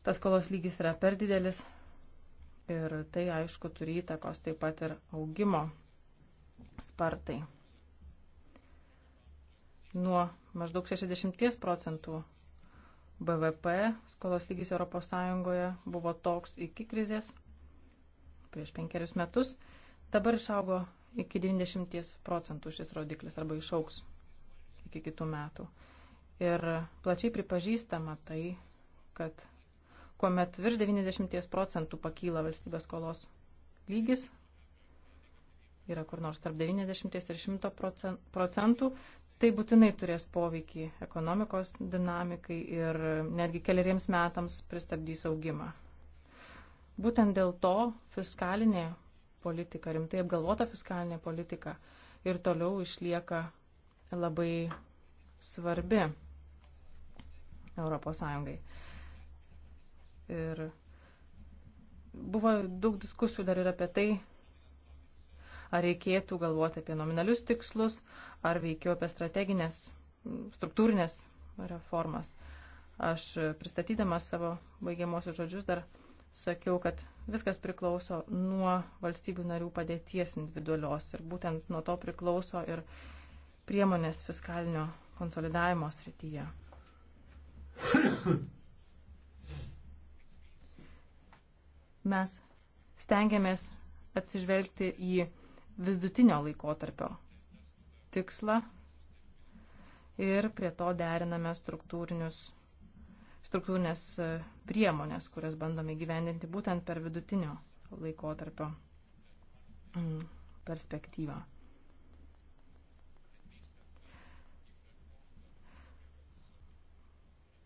tas skolos lygis yra per didelis. Ir tai, aišku, turi įtakos taip pat ir augimo spartai. Nuo maždaug 60 procentų BVP skolos lygis ES buvo toks iki krizės prieš penkerius metus, dabar išaugo iki 90 procentų šis rodiklis arba išauks iki kitų metų. Ir plačiai pripažįstama tai, kad kuomet virš 90 procentų pakyla valstybės skolos lygis, yra kur nors tarp 90 ir 100 procentų, tai būtinai turės poveikį ekonomikos dinamikai ir netgi keliariems metams pristabdys augimą. Būtent dėl to fiskalinė politika, rimtai apgalvota fiskalinė politika ir toliau išlieka labai svarbi. Europos Sąjungai. Ir buvo daug diskusijų dar ir apie tai, ar reikėtų galvoti apie nominalius tikslus, ar veikiau apie strateginės, struktūrinės reformas. Aš pristatydamas savo baigiamosius žodžius dar sakiau, kad viskas priklauso nuo valstybių narių padėties individualios ir būtent nuo to priklauso ir priemonės fiskalinio konsolidavimo srityje. Mes stengiamės atsižvelgti į vidutinio laikotarpio tikslą ir prie to deriname struktūrinės e, priemonės, kurias bandome gyvendinti būtent per vidutinio laikotarpio mm, perspektyvą.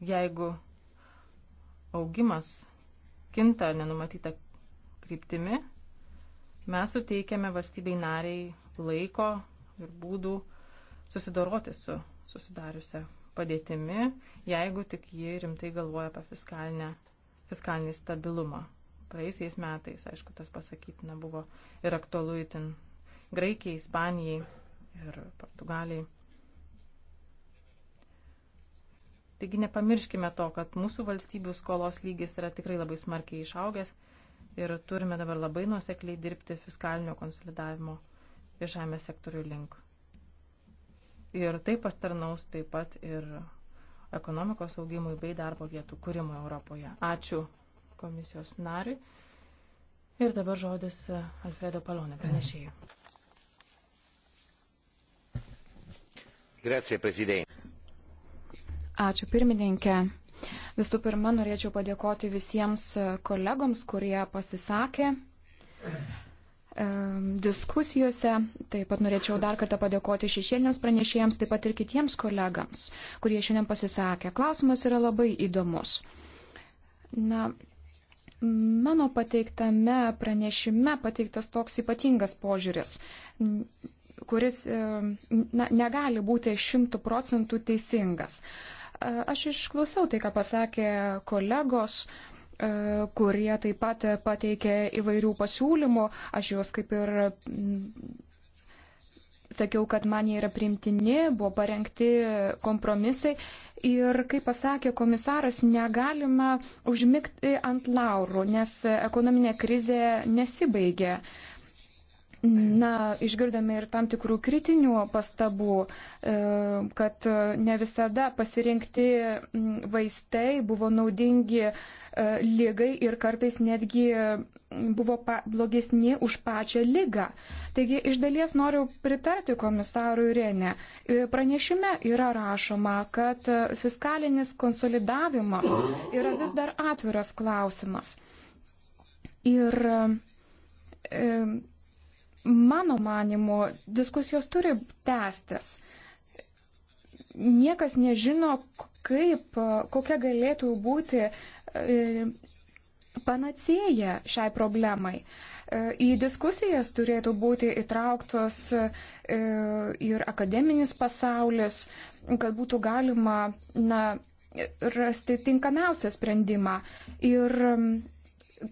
jeigu augimas kinta nenumatyta kryptimi, mes suteikiame valstybei nariai laiko ir būdų susidoroti su susidariusią padėtimi, jeigu tik ji rimtai galvoja apie fiskalinį stabilumą. Praėjusiais metais, aišku, tas pasakytina buvo ir aktualu itin Graikijai, Ispanijai ir Portugalijai. Taigi nepamirškime to, kad mūsų valstybių skolos lygis yra tikrai labai smarkiai išaugęs ir turime dabar labai nuosekliai dirbti fiskalinio konsolidavimo viešame sektoriui link. Ir tai pastarnaus taip pat ir ekonomikos augimui bei darbo vietų kūrimui Europoje. Ačiū komisijos nariui. Ir dabar žodis e, Alfredo Palonė pranešėjai. Grazie, prezidentė. Ačiū pirmininkė. Visų pirma, norėčiau padėkoti visiems kolegoms, kurie pasisakė diskusijose. Taip pat norėčiau dar kartą padėkoti šešėliniams pranešėjams, taip pat ir kitiems kolegams, kurie šiandien pasisakė. Klausimas yra labai įdomus. Na, mano pateiktame pranešime pateiktas toks ypatingas požiūris kuris na, negali būti šimtų procentų teisingas. Aš išklausiau tai, ką pasakė kolegos e, kurie taip pat pateikė įvairių pasiūlymų. Aš juos kaip ir mm, sakiau, kad man jie yra primtini, buvo parengti kompromisai. Ir kaip pasakė komisaras, negalima užmigti ant laurų, nes ekonominė krizė nesibaigė. Uh, Na, išgirdome ir tam tikrų kritinių pastabų, e, kad ne visada pasirinkti vaistai buvo naudingi e, lygai ir kartais netgi buvo blogesni už pačią lygą. Taigi iš dalies noriu pritarti komisarui Renė. E, pranešime yra rašoma, kad fiskalinis konsolidavimas yra vis dar atviras klausimas. Ir e, Mano manimu, diskusijos turi tęstis. Niekas nežino, kaip, kokia galėtų būti e, panacėja šiai problemai. E, į diskusijas turėtų būti įtrauktos e, ir akademinis pasaulis, kad būtų galima na, rasti tinkamiausią sprendimą. Ir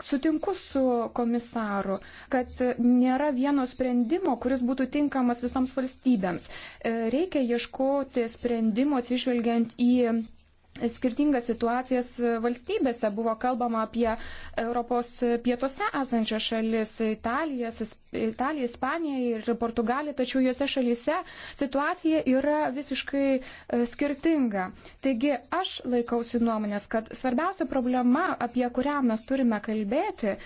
Sutinku su komisaru, kad nėra vieno sprendimo, kuris būtų tinkamas visoms valstybėms. E, reikia ieškoti sprendimo atsižvelgiant į skirtingas situacijas valstybėse. Buvo kalbama apie Europos pietuose esančias šalis - Italiją, Ispaniją ir Portugaliją, tačiau juose šalyse situacija yra visiškai e, skirtinga. Taigi aš laikausi nuomonės, kad svarbiausia problema, apie kurią mes turime kalbėti,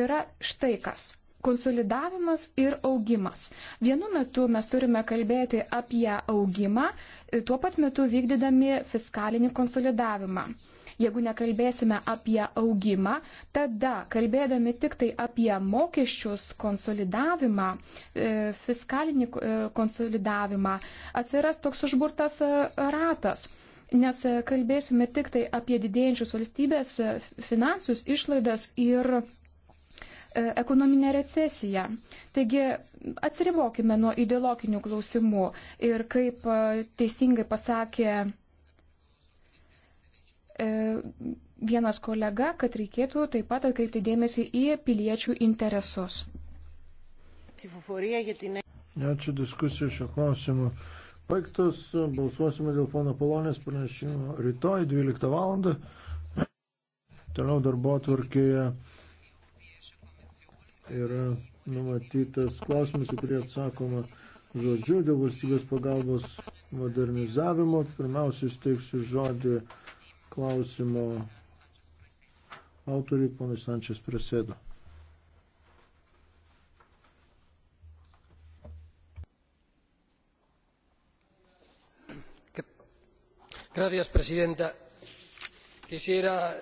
yra štai kas konsolidavimas ir augimas. Vienu metu mes turime kalbėti apie augimą, tuo pat metu vykdydami fiskalinį konsolidavimą. Jeigu nekalbėsime apie augimą, tada kalbėdami tik tai apie mokesčius, konsolidavimą, e, fiskalinį e, konsolidavimą, atsiras toks užburtas e, ratas nes kalbėsime tik tai apie didėjančius valstybės finansus, išlaidas ir E, ekonominę recesiją. Taigi atsiribokime nuo ideologinių klausimų ir kaip e, teisingai pasakė e, vienas kolega, kad reikėtų taip pat atkreipti dėmesį į piliečių interesus. Ačiū diskusijų šio klausimu. Paiktas, balsuosime dėl pono Polonės pranešimo rytoj 12 val. Toliau darbo atvarkėje yra numatytas klausimas, į kurį atsakoma žodžiu dėl valstybės pagalbos modernizavimo. Pirmiausiai steigsiu žodį klausimo autoriui, ponui Sančias Presėdo. señora presidenta quisiera